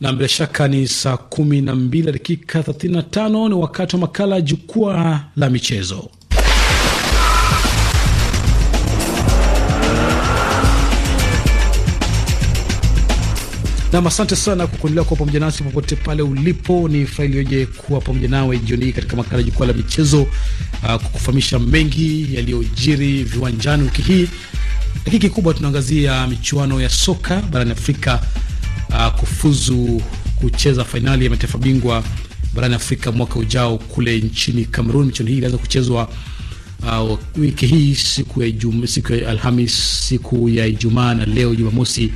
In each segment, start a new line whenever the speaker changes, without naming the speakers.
na bila shaka ni saa kumi na mbili dakika 35. Ni wakati wa makala ya jukwaa la michezo. Nam, asante sana kwa kuendelea kuwa pamoja nasi popote pale ulipo. Ni furaha iliyoje kuwa pamoja nawe jioni hii katika makala ya jukwaa la michezo, uh, kufahamisha mengi yaliyojiri viwanjani wiki hii, lakini kikubwa tunaangazia michuano ya soka barani Afrika uh, kufuzu kucheza fainali ya mataifa bingwa barani Afrika mwaka ujao kule nchini Cameroon. Michuano hii ilianza kuchezwa uh, wiki hii siku ya Ijumaa, siku ya Alhamis, siku ya Ijumaa na leo Jumamosi.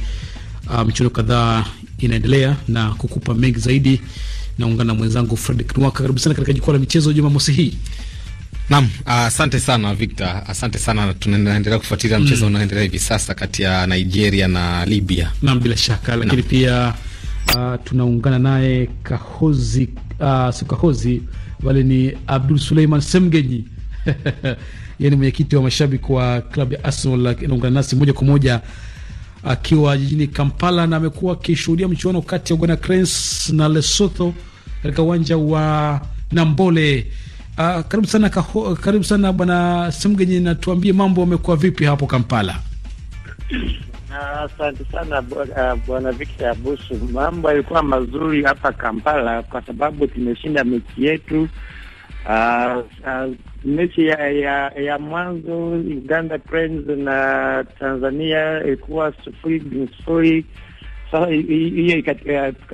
Uh, michuano kadhaa inaendelea na kukupa mengi zaidi, naungana na mwenzangu Fredrick Nwaka. Karibu sana katika jukwaa la michezo Jumamosi hii.
Naam, asante uh, sana Victor, asante sana. Tunaendelea kufuatilia mm. mchezo unaoendelea hivi sasa kati ya Nigeria na Libya.
Naam, bila shaka lakini na, pia uh, tunaungana naye Kahozi uh, si Kahozi wale ni Abdul Suleiman Semgenyi yeye ni mwenyekiti wa mashabiki wa klabu ya Arsenal, anaungana nasi moja kwa moja akiwa jijini Kampala, na amekuwa akishuhudia mchuano kati ya Uganda Cranes na Lesotho katika uwanja wa Nambole. Uh, karibu sana kaho, karibu sana bwana simgenye na tuambie mambo yamekuwa vipi hapo Kampala?
Asante uh, sana ah, bwana uh, Victor Abusu, mambo yalikuwa mazuri hapa Kampala kwa sababu tumeshinda mechi yetu uh, uh, mechi ya, ya, ya mwanzo Uganda Cranes na Tanzania ilikuwa sufuri bin sufuri. Sasa hiyo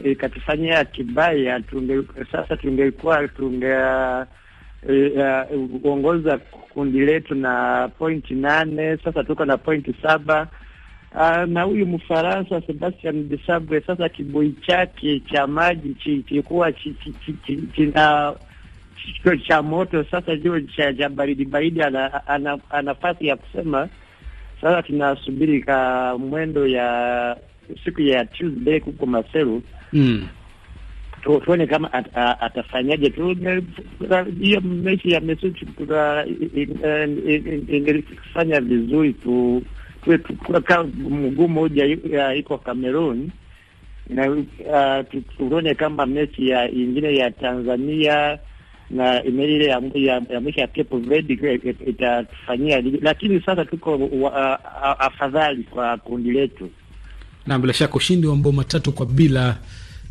ikatufanyia kibaya, tunge sasa tungekuwa tunge kuongoza eh, eh, uh, kundi letu na pointi nane, sasa tuko na pointi saba. Uh, na huyu Mfaransa Sebastian Desabre sasa kiboi chake cha maji kilikuwa kina kichwa cha moto, sasa juu cha baridi baridi, ana, ana, ana nafasi ya kusema sasa tunasubiri ka mwendo ya siku ya Tuesday huko Maseru mm tuone kama at, at, atafanyaje tu eh, hiyo mechi ya Messi eh, ingefanya vizuri tu ka mguu moja iko Cameroon na tuone kama mechi ya ingine ya Tanzania na ile ya ya mwisho ya Cape Verde itafanyia, lakini sasa tuko afadhali kwa kundi letu,
na bila shaka ushindi wa mabao matatu kwa bila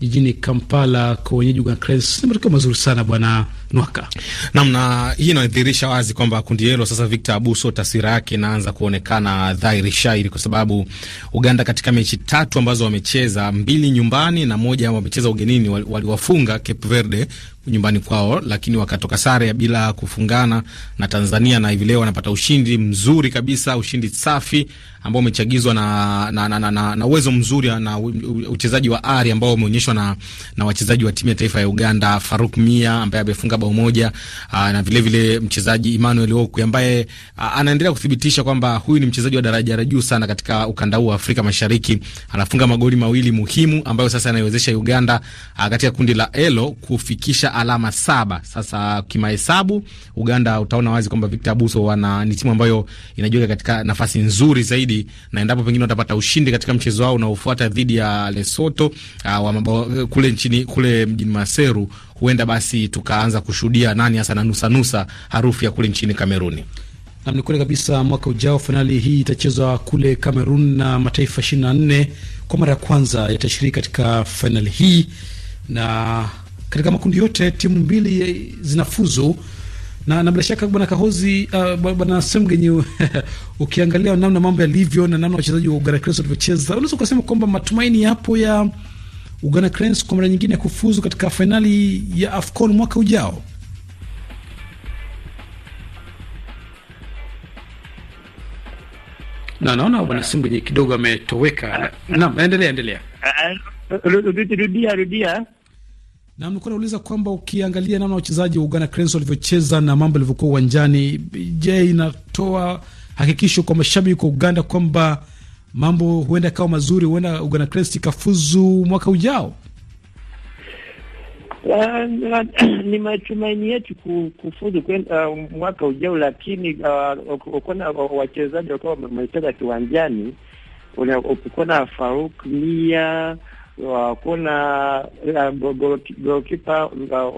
jijini Kampala kwa wenyeji Uganda Cranes ni matokeo mazuri sana bwana mwaka.
Namna hii inadhihirisha wazi kwamba kundi hilo sasa, Victor Abuso, taswira yake inaanza kuonekana dhahiri shairi, kwa sababu Uganda katika mechi tatu ambazo wamecheza mbili nyumbani na moja wamecheza ugenini, waliwafunga wali Cape Verde nyumbani kwao, lakini wakatoka sare ya bila kufungana na Tanzania, na hivi leo wanapata ushindi mzuri kabisa, ushindi safi ambao umechagizwa na, na, na, na, na uwezo mzuri na uchezaji wa ari ambao umeonyeshwa na, na wachezaji wa timu ya taifa ya Uganda, Faruk Mia ambaye amefunga bao moja ah, na vile vile mchezaji Emmanuel Okwi ambaye ah, anaendelea kuthibitisha kwamba huyu ni mchezaji wa daraja la juu sana katika ukanda huu wa Afrika Mashariki. Anafunga magoli mawili muhimu ambayo sasa yanaiwezesha Uganda ah, katika kundi la Elo kufikisha alama saba. Sasa kimahesabu, Uganda utaona wazi kwamba Victor Buso wana ni timu ambayo inajiweka katika nafasi nzuri zaidi, na endapo pengine watapata ushindi katika mchezo wao unaofuata dhidi ya Lesotho wa mabao kule nchini kule mjini Maseru huenda basi tukaanza kushuhudia nani hasa na nusa nusa harufu ya kule nchini Kameruni.
Nam, ni kweli kabisa. Mwaka ujao fainali hii itachezwa kule Kamerun na mataifa ishirini na nne kwa mara ya kwanza yatashiriki katika fainali hii, na katika makundi yote timu mbili zinafuzu na, na bila shaka bwana Kahozi, uh, bwana Semgenye ukiangalia namna mambo yalivyo na namna wachezaji wa Ugara walivyocheza, unaweza ukasema kwamba matumaini yapo ya, ya Uganda Cranes kwa mara nyingine kufuzu katika fainali ya AFCON mwaka ujao. Na naona bwana Simbwenye kidogo ametoweka. Naam, endelea endelea.
Uh, uh, rudia rudia.
Na mlikuwa nauliza kwamba ukiangalia namna wachezaji wa Uganda Cranes walivyocheza na mambo yalivyokuwa uwanjani, je, inatoa hakikisho kwa mashabiki wa Uganda kwamba mambo huenda yakawa mazuri, huenda Uganda Cranes ikafuzu mwaka ujao.
Ah, ni matumaini yetu kufuzu kwenda uh, mwaka ujao, lakini uh, ukona wachezaji wakiwa wamecheza kiwanjani, ukona Faruk Mia, kuna uh, golkipa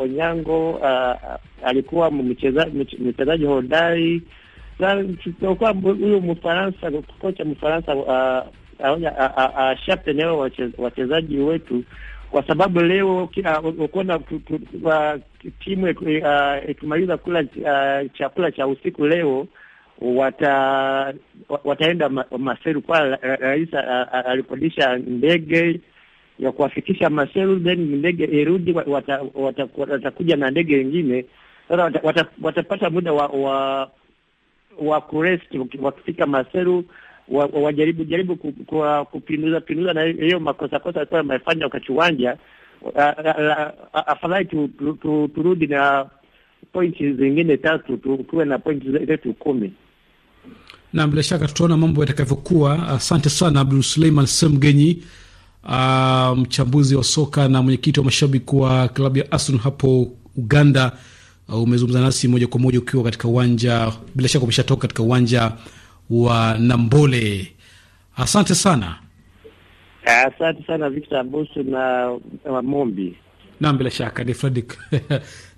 Onyango alikuwa mchezaji hodari huyo Mfaransa, kocha Mfaransa uh, ashapenewa wachezaji wetu, kwa sababu leo ukuona timu ikimaliza uh, kula uh, chakula cha usiku leo wata wataenda Maseru kwa rais alikodisha ndege ya kuwafikisha Maseru, then ndege irudi, watakuja na ndege nyingine. Sasa watapata muda wa wa kurest wakifika Maseru wa, wa, wajaribu jaribu kupinduza pinduza na hiyo makosa kosa alikuwa amefanya wakati uwanja. Afadhali turudi na pointi zingine tatu, tuwe na pointi zetu kumi
na bila shaka tutaona mambo yatakavyokuwa. Asante sana Abdul Suleiman Semgenyi, mchambuzi wa soka na mwenyekiti wa mashabiki wa klabu ya Arsenal hapo Uganda. Uh, umezungumza nasi moja kwa moja ukiwa katika uwanja, bila shaka umeshatoka katika uwanja wa Nambole. Asante sana.
Asante sana Victor Abusu na Mombi.
Naam, bila shaka ni Fredrick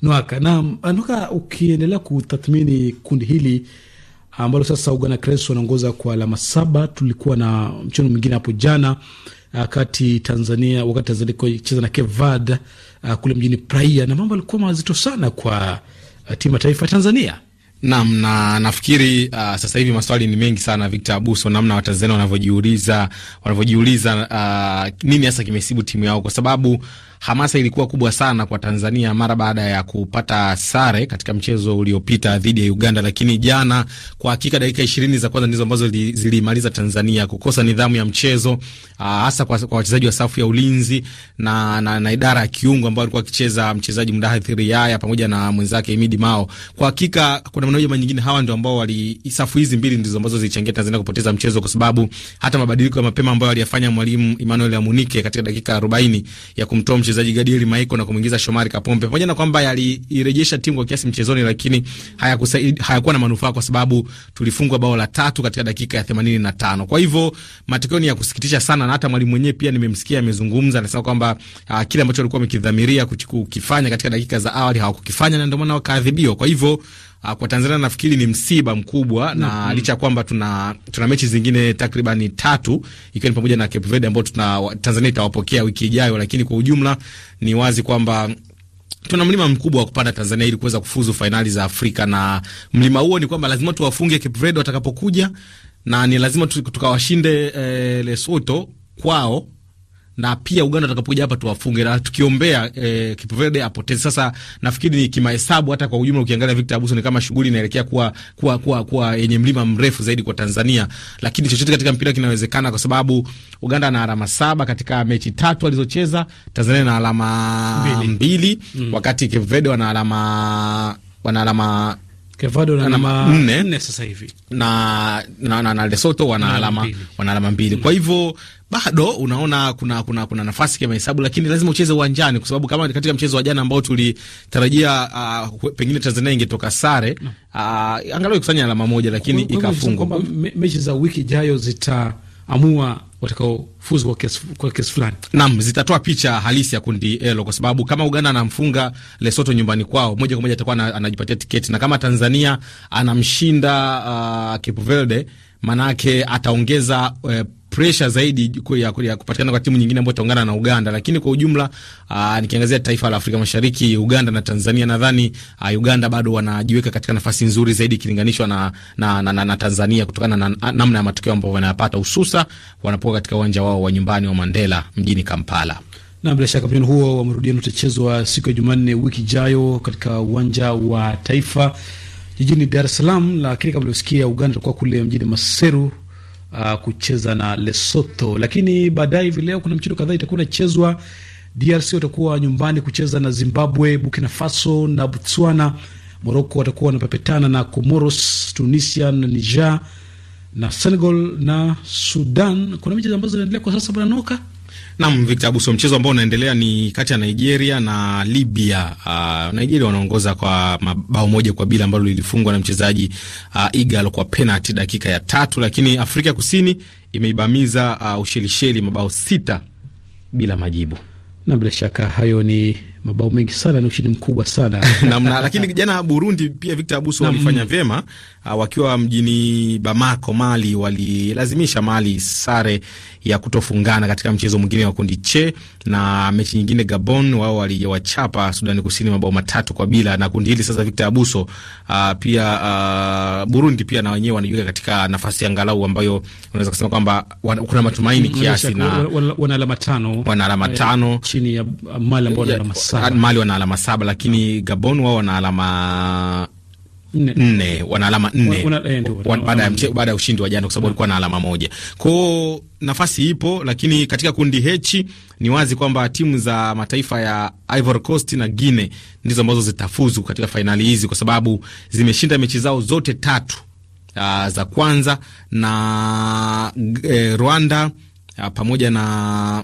Nwaka. Naam, Nwaka, ukiendelea kutathmini kundi hili ambalo sasa Uganda Cranes wanaongoza kwa alama saba. Tulikuwa na mchezo mwingine hapo jana uh, kati Tanzania, wakati Tanzania ikicheza na
Cape Verde uh, kule mjini Praia, na mambo yalikuwa mazito sana kwa uh, timu ya taifa Tanzania. Naam, na nafikiri uh, sasa hivi maswali ni mengi sana Victor Abuso, namna Watanzania wanavyojiuliza wanavyojiuliza uh, nini hasa kimesibu timu yao kwa sababu hamasa ilikuwa kubwa sana kwa Tanzania mara baada ya kupata sare katika mchezo uliopita dhidi ya Uganda, lakini jana kwa hakika dakika ishirini za kwanza ndizo ambazo zilimaliza Tanzania kukosa nidhamu ya mchezo, ah, hasa kwa, kwa wachezaji wa safu ya ulinzi na, na, na idara ya kiungo ambao alikuwa akicheza mchezaji Mdahathiri Yaya pamoja na mwenzake Emidi Mao. Kwa hakika kuna namna moja nyingine, hawa ndio ambao wali safu hizi mbili ndizo ambazo zilichangia Tanzania kupoteza mchezo, kwa sababu hata mabadiliko ya mapema ambayo aliyafanya mwalimu Emmanuel Amunike katika dakika 40 ya kumtoa mchezaji Gadiel Maiko na kumuingiza Shomari Kapombe, pamoja na kwamba yalirejesha timu kwa kiasi mchezoni, lakini hayakuwa na manufaa, kwa sababu tulifungwa bao la tatu katika dakika ya 85. Kwa hivyo matokeo ni ya kusikitisha sana, na hata mwalimu mwenyewe pia nimemsikia amezungumza, anasema kwamba uh, kile ambacho alikuwa amekidhamiria kukifanya katika dakika za awali hawakukifanya na ndio maana wakaadhibiwa. Kwa hivyo Ah, kwa Tanzania nafikiri ni msiba mkubwa na mm -hmm. licha kwamba tuna tuna mechi zingine takriban tatu ikiwa ni pamoja na Cape Verde ambao tuna Tanzania itawapokea wiki ijayo, lakini kwa ujumla ni wazi kwamba tuna mlima mkubwa wa kupanda Tanzania ili kuweza kufuzu fainali za Afrika, na mlima huo ni kwamba lazima tuwafunge Cape Verde watakapokuja, na ni lazima tukawashinde eh, Lesotho kwao na pia Uganda atakapokuja hapa tuwafunge, na tukiombea e, eh, Kipvede apoteze. Sasa nafikiri ni kimahesabu, hata kwa ujumla ukiangalia, Victor Abuso, ni kama shughuli inaelekea kuwa kuwa kuwa kuwa yenye mlima mrefu zaidi kwa Tanzania, lakini chochote katika mpira kinawezekana, kwa sababu Uganda ana alama saba katika mechi tatu alizocheza, Tanzania na alama mbili, mbili mm. wakati Kipvede wana alama wana alama Kevado na alama nne
sasa hivi na
na, na, na Lesotho wana alama wana alama mbili. Kwa hivyo bado unaona kuna kuna kuna nafasi kama hesabu, lakini lazima ucheze uwanjani, kwa sababu kama katika mchezo wa jana ambao tulitarajia uh, pengine Tanzania ingetoka sare uh, angalau ikusanya alama moja, lakini ikafungwa.
Mechi za wiki ijayo zitaamua watakaofuzu kwa kiasi, kwa kiasi fulani. Naam,
zitatoa picha halisi ya kundi elo kwa sababu kama Uganda anamfunga Lesotho nyumbani kwao moja kwa moja atakuwa anajipatia tiketi, na kama Tanzania anamshinda uh, Cape Verde manake ataongeza uh, presha zaidi ya kupatikana kwa timu nyingine ambayo itaungana na Uganda, lakini kwa ujumla aa, ah, nikiangazia taifa la Afrika Mashariki, Uganda na Tanzania, nadhani ah, Uganda bado wanajiweka katika nafasi nzuri zaidi ikilinganishwa na, na, na, na, na Tanzania kutokana na namna ya matokeo ambayo wanayapata hususa wanapokuwa katika uwanja wao wa nyumbani wa Mandela mjini Kampala. Na bila shaka mchezo
huo wa marudiano utachezwa siku ya Jumanne wiki ijayo katika uwanja wa taifa jijini Dar es Salaam, lakini kama ulivyosikia Uganda itakuwa kule mjini Maseru uh, kucheza na Lesotho, lakini baadaye hivi leo kuna mchezo kadhaa itakuwa inachezwa. DRC watakuwa nyumbani kucheza na Zimbabwe, Burkina Faso na Botswana. Morocco watakuwa wanapepetana na Comoros, Tunisia na Niger na Senegal na Sudan. Kuna michezo ambazo zinaendelea kwa sasa, Bwana Noka.
Nam Victor Abuso, mchezo ambao unaendelea ni kati ya Nigeria na Libya. Uh, Nigeria wanaongoza kwa mabao moja kwa bila ambalo lilifungwa na mchezaji uh, ah, Ighalo kwa penalti dakika ya tatu, lakini Afrika Kusini imeibamiza uh, Ushelisheli mabao sita bila majibu, na bila
shaka hayo ni mabao mengi sana na ushindi mkubwa sana namna. Lakini
jana Burundi pia Victor Abuso walifanya vyema ah, wakiwa mjini Bamako, Mali, walilazimisha Mali sare ya kutofungana katika mchezo mwingine wa kundi che. na mechi nyingine Gabon wao waliwachapa Sudani Kusini mabao matatu kwa bila. Na kundi hili sasa, Victor Abuso, a, ah, pia a, ah, Burundi pia na wenyewe wanajiweka katika nafasi angalau ambayo unaweza kusema kwamba kuna matumaini kiasi, na
wana alama tano, wana alama eh, tano
chini ya Mali ambao wana alama Mali wana alama saba, lakini Gabon wao wana alama nne, wana alama nne baada ya ushindi wa jana, kwa sababu walikuwa na alama moja. Kwao nafasi ipo, lakini katika kundi H ni wazi kwamba timu za mataifa ya Ivory Coast na Guinea ndizo ambazo zitafuzu katika fainali hizi, kwa sababu zimeshinda mechi zao zote tatu uh, za kwanza na eh, Rwanda uh, pamoja na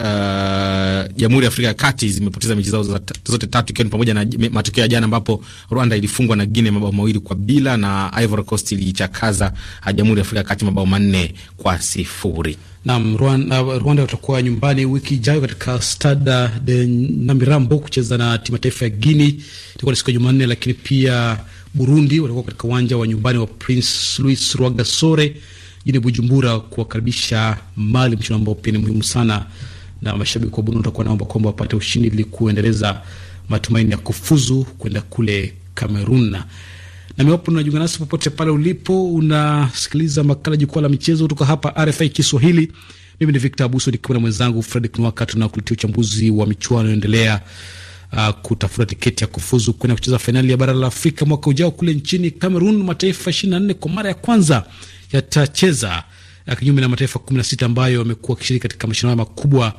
Uh, Jamhuri uh, ya Afrika ya Kati zimepoteza mechi zao zote tatu ikiwa ni pamoja na matokeo ya jana ambapo Rwanda ilifungwa na Guinea mabao mawili kwa bila na Ivory Coast ilichakaza uh, Jamhuri ya Afrika ya Kati mabao manne kwa sifuri.
Naam, Rwanda, Rwanda watakuwa nyumbani wiki ijayo katika Stade de Nyamirambo kucheza na timu ya taifa ya Guinea. Itakuwa ni siku ya Jumanne, lakini pia Burundi watakuwa katika uwanja wa nyumbani wa Prince Louis Rwagasore jini Bujumbura kuwakaribisha Mali, mchuano ambao pia ni muhimu sana na mashabiki wa Burundi watakuwa naomba kwamba wapate ushindi ili kuendeleza matumaini ya kufuzu kwenda kule Kamerun. Na miwapo unajiunga nasi popote pale ulipo, unasikiliza makala Jukwaa la Michezo kutoka hapa RFI Kiswahili. Mimi ni Victor Abuso nikiwa na mwenzangu Fredrick Nwaka, tunakuletea uchambuzi wa michuano inayoendelea Uh, kutafuta tiketi ya kufuzu kwenda kucheza fainali ya bara la Afrika mwaka ujao kule nchini Cameroon. Mataifa 24 kwa mara ya kwanza yatacheza kinyume na mataifa 16 ambayo yamekuwa wakishiriki katika mashindano makubwa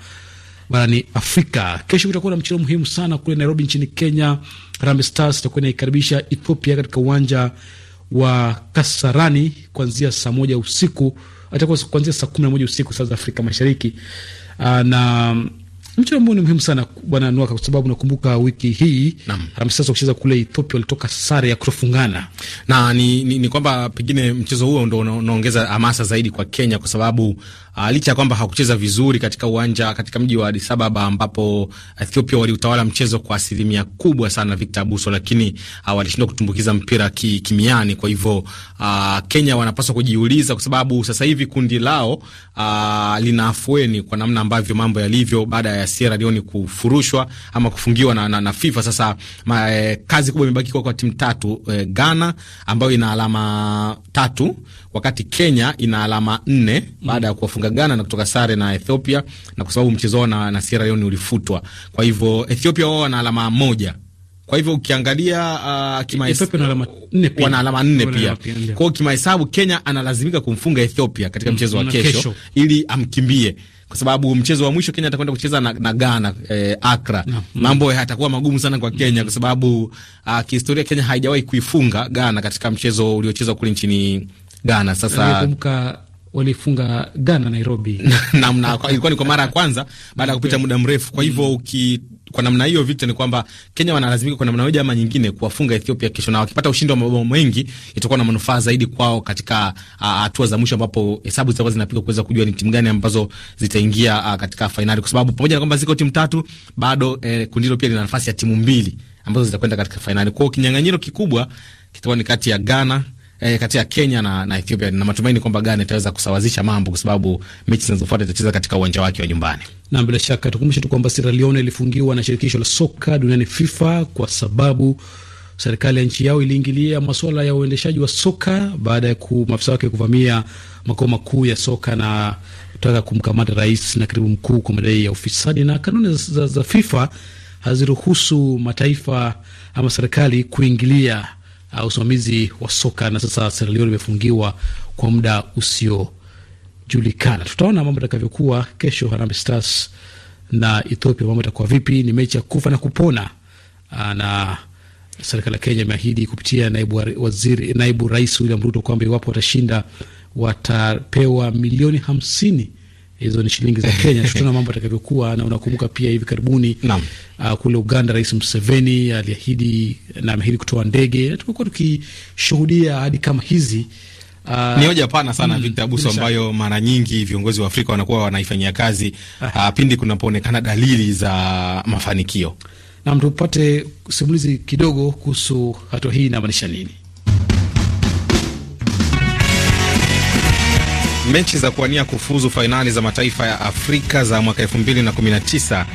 barani Afrika. Kesho kutakuwa na mchezo muhimu sana kule Nairobi nchini Kenya. Harambee Stars itakuwa inaikaribisha Ethiopia katika uwanja wa Kasarani kuanzia saa moja usiku atakuwa kuanzia saa kumi na moja usiku saa za Afrika Mashariki. Aa, ah, na mchezo ambao ni muhimu sana
bwana Nwaka, kwa sababu nakumbuka wiki hii Hamsasa kucheza kule Ethiopia walitoka sare ya kutofungana, na ni, ni, ni kwamba pengine mchezo huo ndo unaongeza hamasa zaidi kwa Kenya kwa sababu uh, licha ya kwamba hakucheza vizuri katika uwanja katika mji wa Addis Ababa ambapo eh, Ethiopia waliutawala mchezo kwa asilimia kubwa sana, Victor Abuso, lakini uh, walishindwa kutumbukiza mpira ki, kimiani. Kwa hivyo uh, Kenya wanapaswa kujiuliza, kwa sababu sasa hivi kundi lao uh, lina afueni kwa namna ambavyo mambo yalivyo baada ya Sierra Leone kufurushwa ama kufungiwa na, na, na FIFA. Sasa ma, eh, kazi kubwa imebaki kwa, kwa timu tatu eh, Ghana ambayo ina alama tatu wakati Kenya ina alama nne baada ya kuwafunga Ghana na kutoka sare na Ethiopia, na kwa sababu mchezo wao na, na Sierra Leone ulifutwa, kwa hivyo Ethiopia wao wana alama moja. Kwa hivyo ukiangalia uh, kimahesabu wana alama nne pia. pia. Kwa hiyo kimahesabu Kenya analazimika kumfunga Ethiopia katika mm, mchezo wa kesho, kesho ili amkimbie kwa sababu mchezo wa mwisho Kenya atakwenda kucheza na, na Ghana eh, Akra Accra. Mm. Mambo mm. yatakuwa magumu sana kwa Kenya kwa sababu uh, kihistoria Kenya haijawahi kuifunga Ghana katika mchezo uliochezwa kule nchini Ghana. Sasa walifunga Ghana Nairobi namna ilikuwa ni kwa mara ya kwanza baada ya kupita muda mrefu. Kwa hivyo mm. uki kwa namna hiyo vita ni kwamba Kenya wanalazimika kwa namna moja ama nyingine kuwafunga Ethiopia kesho, na wakipata ushindi wa mabao mengi itakuwa na manufaa zaidi kwao katika hatua za mwisho, ambapo hesabu zitakuwa zinapigwa kuweza kujua ni timu gani ambazo zitaingia katika fainali, kwa sababu pamoja na kwamba ziko timu tatu bado e, kundi hilo pia lina nafasi ya timu mbili ambazo zitakwenda katika fainali. Kwa hiyo kinyang'anyiro kikubwa kitakuwa ni kati ya Ghana eh, kati ya Kenya na, na Ethiopia na matumaini kwamba Ghana itaweza kusawazisha mambo kwa sababu mechi zinazofuata itacheza katika uwanja wake wa nyumbani.
Na bila shaka tukumbushe tu kwamba Sierra Leone ilifungiwa na shirikisho la soka duniani FIFA kwa sababu serikali ya nchi yao iliingilia masuala ya uendeshaji wa soka baada ya maafisa wake kuvamia makao makuu ya soka na kutaka kumkamata rais na katibu mkuu kwa madai ya ufisadi. Na kanuni za, za, za FIFA haziruhusu mataifa ama serikali kuingilia uh, usimamizi wa soka na sasa Sierra Leone imefungiwa kwa muda usiojulikana. Tutaona mambo atakavyokuwa kesho. Harambee Stars na Ethiopia, mambo itakuwa vipi? Ni mechi ya kufa na kupona. Uh, na serikali ya Kenya imeahidi kupitia naibu, waziri, naibu rais William Ruto kwamba iwapo watashinda watapewa milioni hamsini hizo ni shilingi za Kenya. Tutaona mambo atakavyokuwa, na unakumbuka pia hivi karibuni uh, kule Uganda Rais Museveni aliahidi na ameahidi kutoa ndege, na tumekuwa tukishuhudia hadi kama hizi
Uh, ni hoja pana sana mm, Victor Abuso ambayo mara nyingi viongozi wa Afrika wanakuwa wanaifanyia kazi ah, uh, pindi kunapoonekana dalili za mafanikio. Nam
tupate simulizi kidogo kuhusu hatua hii inamaanisha nini.
Mechi za kuwania kufuzu fainali za mataifa ya Afrika za mwaka 2019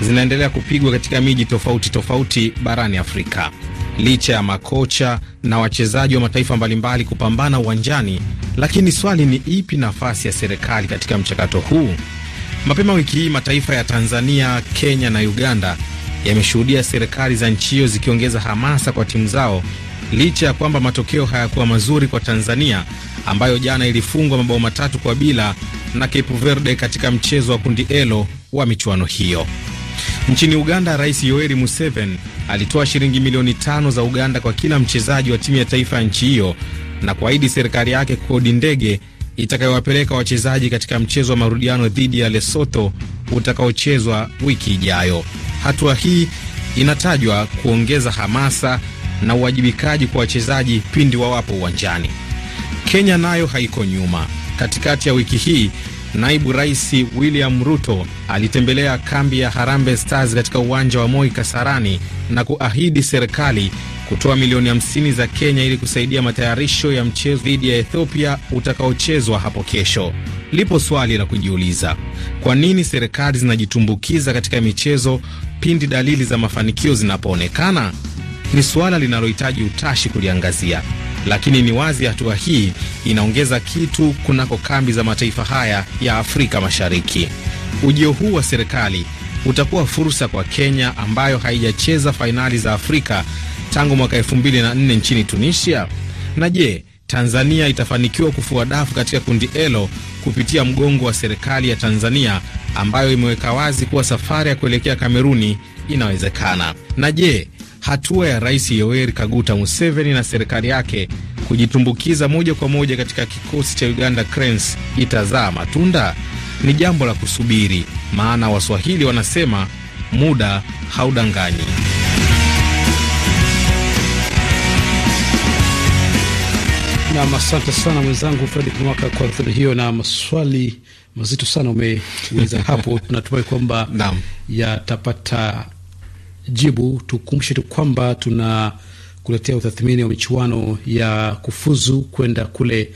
zinaendelea kupigwa katika miji tofauti tofauti barani Afrika. Licha ya makocha na wachezaji wa mataifa mbalimbali kupambana uwanjani, lakini swali ni ipi nafasi ya serikali katika mchakato huu? Mapema wiki hii mataifa ya Tanzania, Kenya na Uganda yameshuhudia serikali za nchi hiyo zikiongeza hamasa kwa timu zao licha ya kwamba matokeo hayakuwa mazuri kwa Tanzania ambayo jana ilifungwa mabao matatu kwa bila na Cape Verde katika mchezo wa kundi elo wa michuano hiyo. Nchini Uganda, Rais Yoweri Museveni alitoa shilingi milioni tano za Uganda kwa kila mchezaji wa timu ya taifa ya nchi hiyo na kuahidi serikali yake kodi ndege itakayowapeleka wachezaji katika mchezo wa marudiano dhidi ya Lesotho utakaochezwa wiki ijayo. Hatua hii inatajwa kuongeza hamasa na uwajibikaji kwa wachezaji pindi wawapo uwanjani. Kenya nayo haiko nyuma. Katikati ya wiki hii naibu rais William Ruto alitembelea kambi ya Harambee Stars katika uwanja wa Moi Kasarani na kuahidi serikali kutoa milioni 50 za Kenya ili kusaidia matayarisho ya mchezo dhidi ya Ethiopia utakaochezwa hapo kesho. Lipo swali la kujiuliza, kwa nini serikali zinajitumbukiza katika michezo pindi dalili za mafanikio zinapoonekana? Ni suala linalohitaji utashi kuliangazia lakini ni wazi hatua hii inaongeza kitu kunako kambi za mataifa haya ya Afrika Mashariki. Ujio huu wa serikali utakuwa fursa kwa Kenya ambayo haijacheza fainali za Afrika tangu mwaka 2004 nchini Tunisia. Na je, Tanzania itafanikiwa kufua dafu katika kundi elo kupitia mgongo wa serikali ya Tanzania ambayo imeweka wazi kuwa safari ya kuelekea Kameruni inawezekana. Na je, hatua ya Rais Yoweri Kaguta Museveni na serikali yake kujitumbukiza moja kwa moja katika kikosi cha Uganda Cranes itazaa matunda ni jambo la kusubiri, maana Waswahili wanasema muda haudanganyi.
Nam, asante sana mwenzangu Fredrik Mwaka kwa ripoti hiyo, na maswali mazito sana umeuliza hapo. Tunatumai kwamba yatapata jibu, tukumbushe tu kwamba tunakuletea utathmini wa michuano ya kufuzu kwenda kule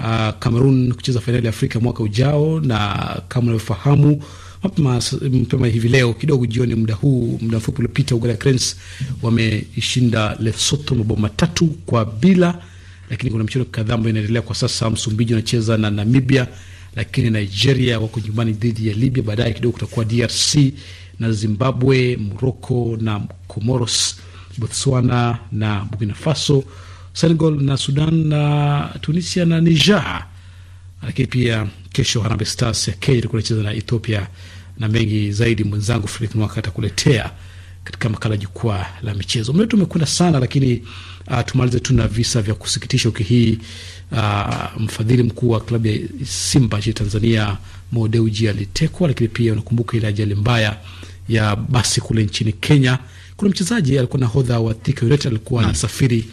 uh, Cameroon kucheza fainali ya Afrika mwaka ujao, na kama unavyofahamu mapema hivi leo kidogo jioni, muda huu muda mfupi uliopita, Uganda Cranes wameishinda Lesotho mabao matatu kwa bila, lakini kuna michezo kadhaa ambayo inaendelea kwa sasa. Msumbiji unacheza na Namibia, lakini Nigeria wako nyumbani dhidi ya Libya. Baadaye kidogo kutakuwa DRC na Zimbabwe, Moroko na Comoros, Botswana na Burkina Faso, Senegal na Sudan na Tunisia na Niger. Lakini pia kesho Harambee Stars ya Kenya itakuwa inacheza na Ethiopia, na mengi zaidi mwenzangu Fredrik Mwaka atakuletea katika makala jukwaa la michezo. Mda wetu umekwenda sana, lakini uh, tumalize tu na visa vya kusikitisha wiki hii. Uh, mfadhili mkuu wa klabu ya Simba nchini Tanzania Mo Dewji alitekwa, lakini pia unakumbuka ile ajali mbaya ya basi kule nchini Kenya. Kuna mchezaji alikuwa nahodha wa Thika United alikuwa anasafiri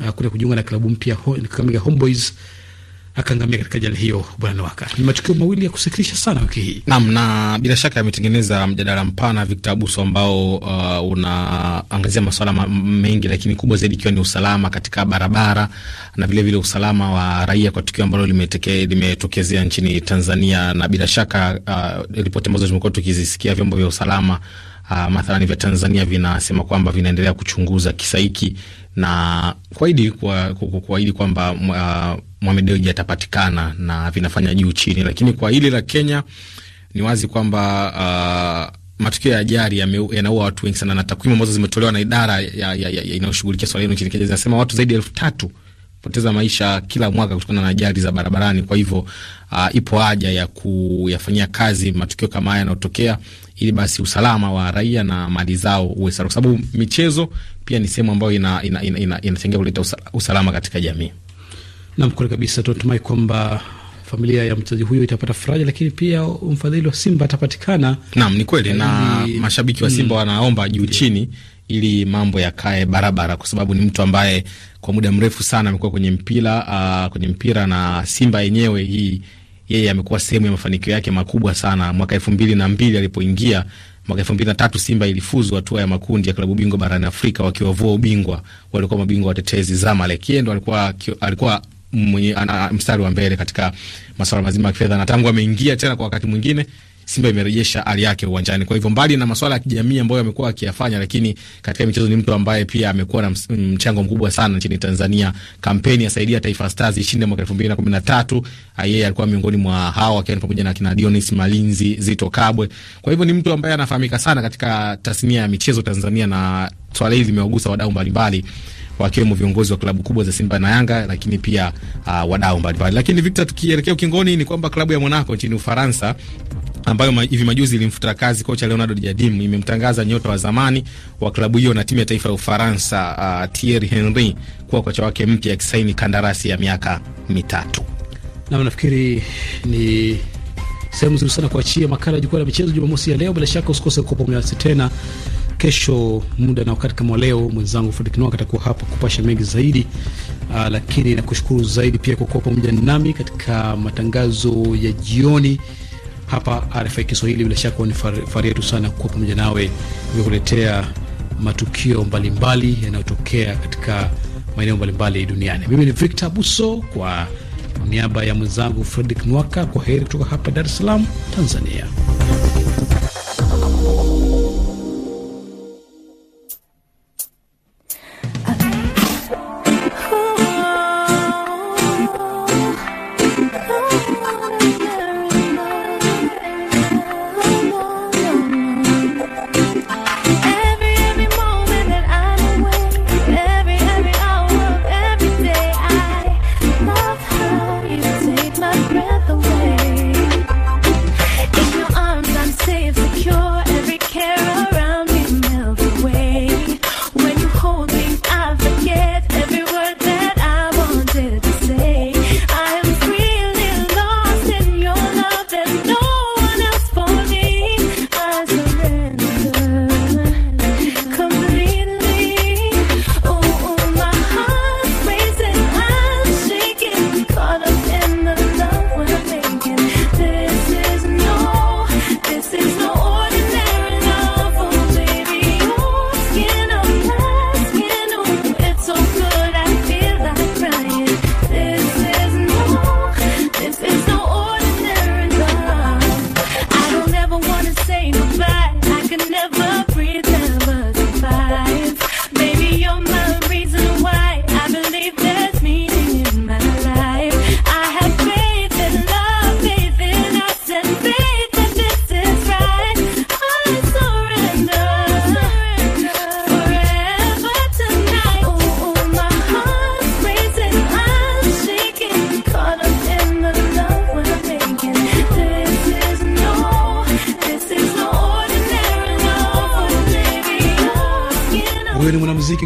uh, kuja kujiunga na klabu mpya Kakamega Homeboys akaangamia katika ajali hiyo. Bwana Waka, ni matukio mawili ya kusikitisha sana wiki hii.
nam, na bila shaka yametengeneza mjadala mpana, Victor Abuso, ambao uh, unaangazia masuala mengi, lakini kubwa zaidi ikiwa ni usalama katika barabara na vilevile vile usalama wa raia kwa tukio ambalo limetokezea nchini Tanzania, na bila shaka uh, ripoti ambazo tumekuwa tukizisikia vyombo vya usalama Uh, mathalani vya Tanzania vinasema kwamba vinaendelea kuchunguza kisa hiki na kuahidi kwa, kwa, kwa, kwa Mohamed Dewji atapatikana na vinafanya juu chini, lakini kwa hili la Kenya ni wazi kwamba uh, matukio ya ajali yanaua watu wengi sana, na takwimu ambazo zimetolewa na idara inayoshughulikia swala hilo nchini Kenya zinasema watu zaidi ya elfu tatu poteza maisha kila mwaka kutokana na ajali za barabarani. Kwa hivyo uh, ipo haja ya kuyafanyia kazi matukio kama haya yanayotokea, ili basi usalama wa raia na mali zao uwe salama, kwa sababu michezo pia ni sehemu ambayo inachangia ina, ina, ina, ina kuleta usalama katika jamii.
Nam, kweli kabisa. Tunatumai kwamba familia ya mchezaji huyo itapata faraja, lakini pia mfadhili wa Simba atapatikana.
Naam, ni kweli na ili... Yaani, mashabiki wa mm. Simba wanaomba juu chini ili mambo yakae barabara, kwa sababu ni mtu ambaye kwa muda mrefu sana amekuwa kwenye mpira uh, kwenye mpira na Simba yenyewe hii yeye amekuwa sehemu ya mafanikio yake makubwa sana. Mwaka elfu mbili na mbili alipoingia, mwaka elfu mbili na tatu Simba ilifuzu hatua ya makundi ya klabu bingwa barani Afrika wakiwavua ubingwa, walikuwa mabingwa watetezi Zamalek. Yeye ndo alikuwa alikuwa mstari wa mbele katika masuala mazima ya kifedha, na tangu ameingia tena kwa wakati mwingine Simba imerejesha hali yake uwanjani. Kwa hivyo mbali na masuala ya kijamii ambayo amekuwa akiyafanya, lakini katika michezo ni mtu ambaye pia amekuwa na mchango mkubwa sana nchini Tanzania. Kampeni ya saidia Taifa Stars ishinde mwaka 2013, yeye alikuwa miongoni mwa hao akiwa pamoja na kina Dionis Malinzi, Zito Kabwe. Kwa hivyo ni mtu ambaye anafahamika sana katika tasnia ya michezo Tanzania, na swala hili limewagusa wadau mbalimbali wakiwemo viongozi wa klabu kubwa za Simba na Yanga, lakini pia uh, wadau mbalimbali. Lakini Victor, tukielekea ukingoni, ni kwamba klabu ya Monaco nchini Ufaransa ambayo ma, hivi majuzi ilimfuta kazi kocha Leonardo Jardim imemtangaza nyota wa zamani wa klabu hiyo na timu ya taifa ya Ufaransa uh, Thierry Henry kuwa kocha wake mpya, akisaini kandarasi ya miaka mitatu.
Na nafikiri ni sehemu nzuri sana kuachia makala ya jukwaa la michezo Jumamosi ya leo. Bila shaka usikose kukopa nasi tena kesho muda na wakati kama leo, mwenzangu Fredrick Nwaka atakuwa hapa kupasha mengi zaidi. Uh, lakini nakushukuru zaidi pia kwa kuwa pamoja nami katika matangazo ya jioni hapa RFI Kiswahili. Bila shaka ni fahari yetu sana kuwa pamoja nawe kukuletea matukio mbalimbali yanayotokea katika maeneo mbalimbali duniani. Mimi ni Victor Buso kwa niaba ya mwenzangu Fredrick Nwaka, kwa heri kutoka hapa Dar es Salaam, Tanzania.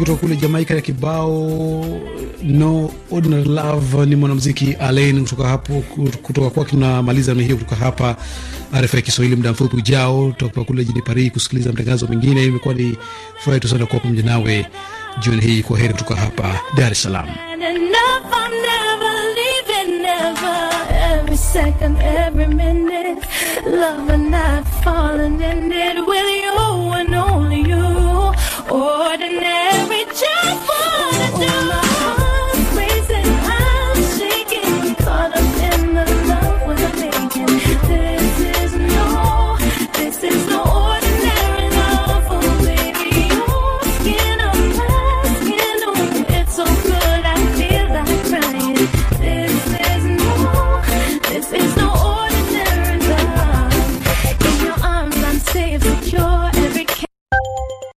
kutoka kule Jamaika ya kibao No Ordinary Love ni mwanamuziki Alain kutoka hapo, kutoka kwake. Tunamaliza na hiyo kutoka hapa RFI Kiswahili. Muda mfupi ujao tutakuwa kule jijini Paris kusikiliza matangazo mengine. Imekuwa ni furaha tu sana kuwa pamoja nawe jioni hii. Kwa heri kutoka hapa Dar es Salaam.
my.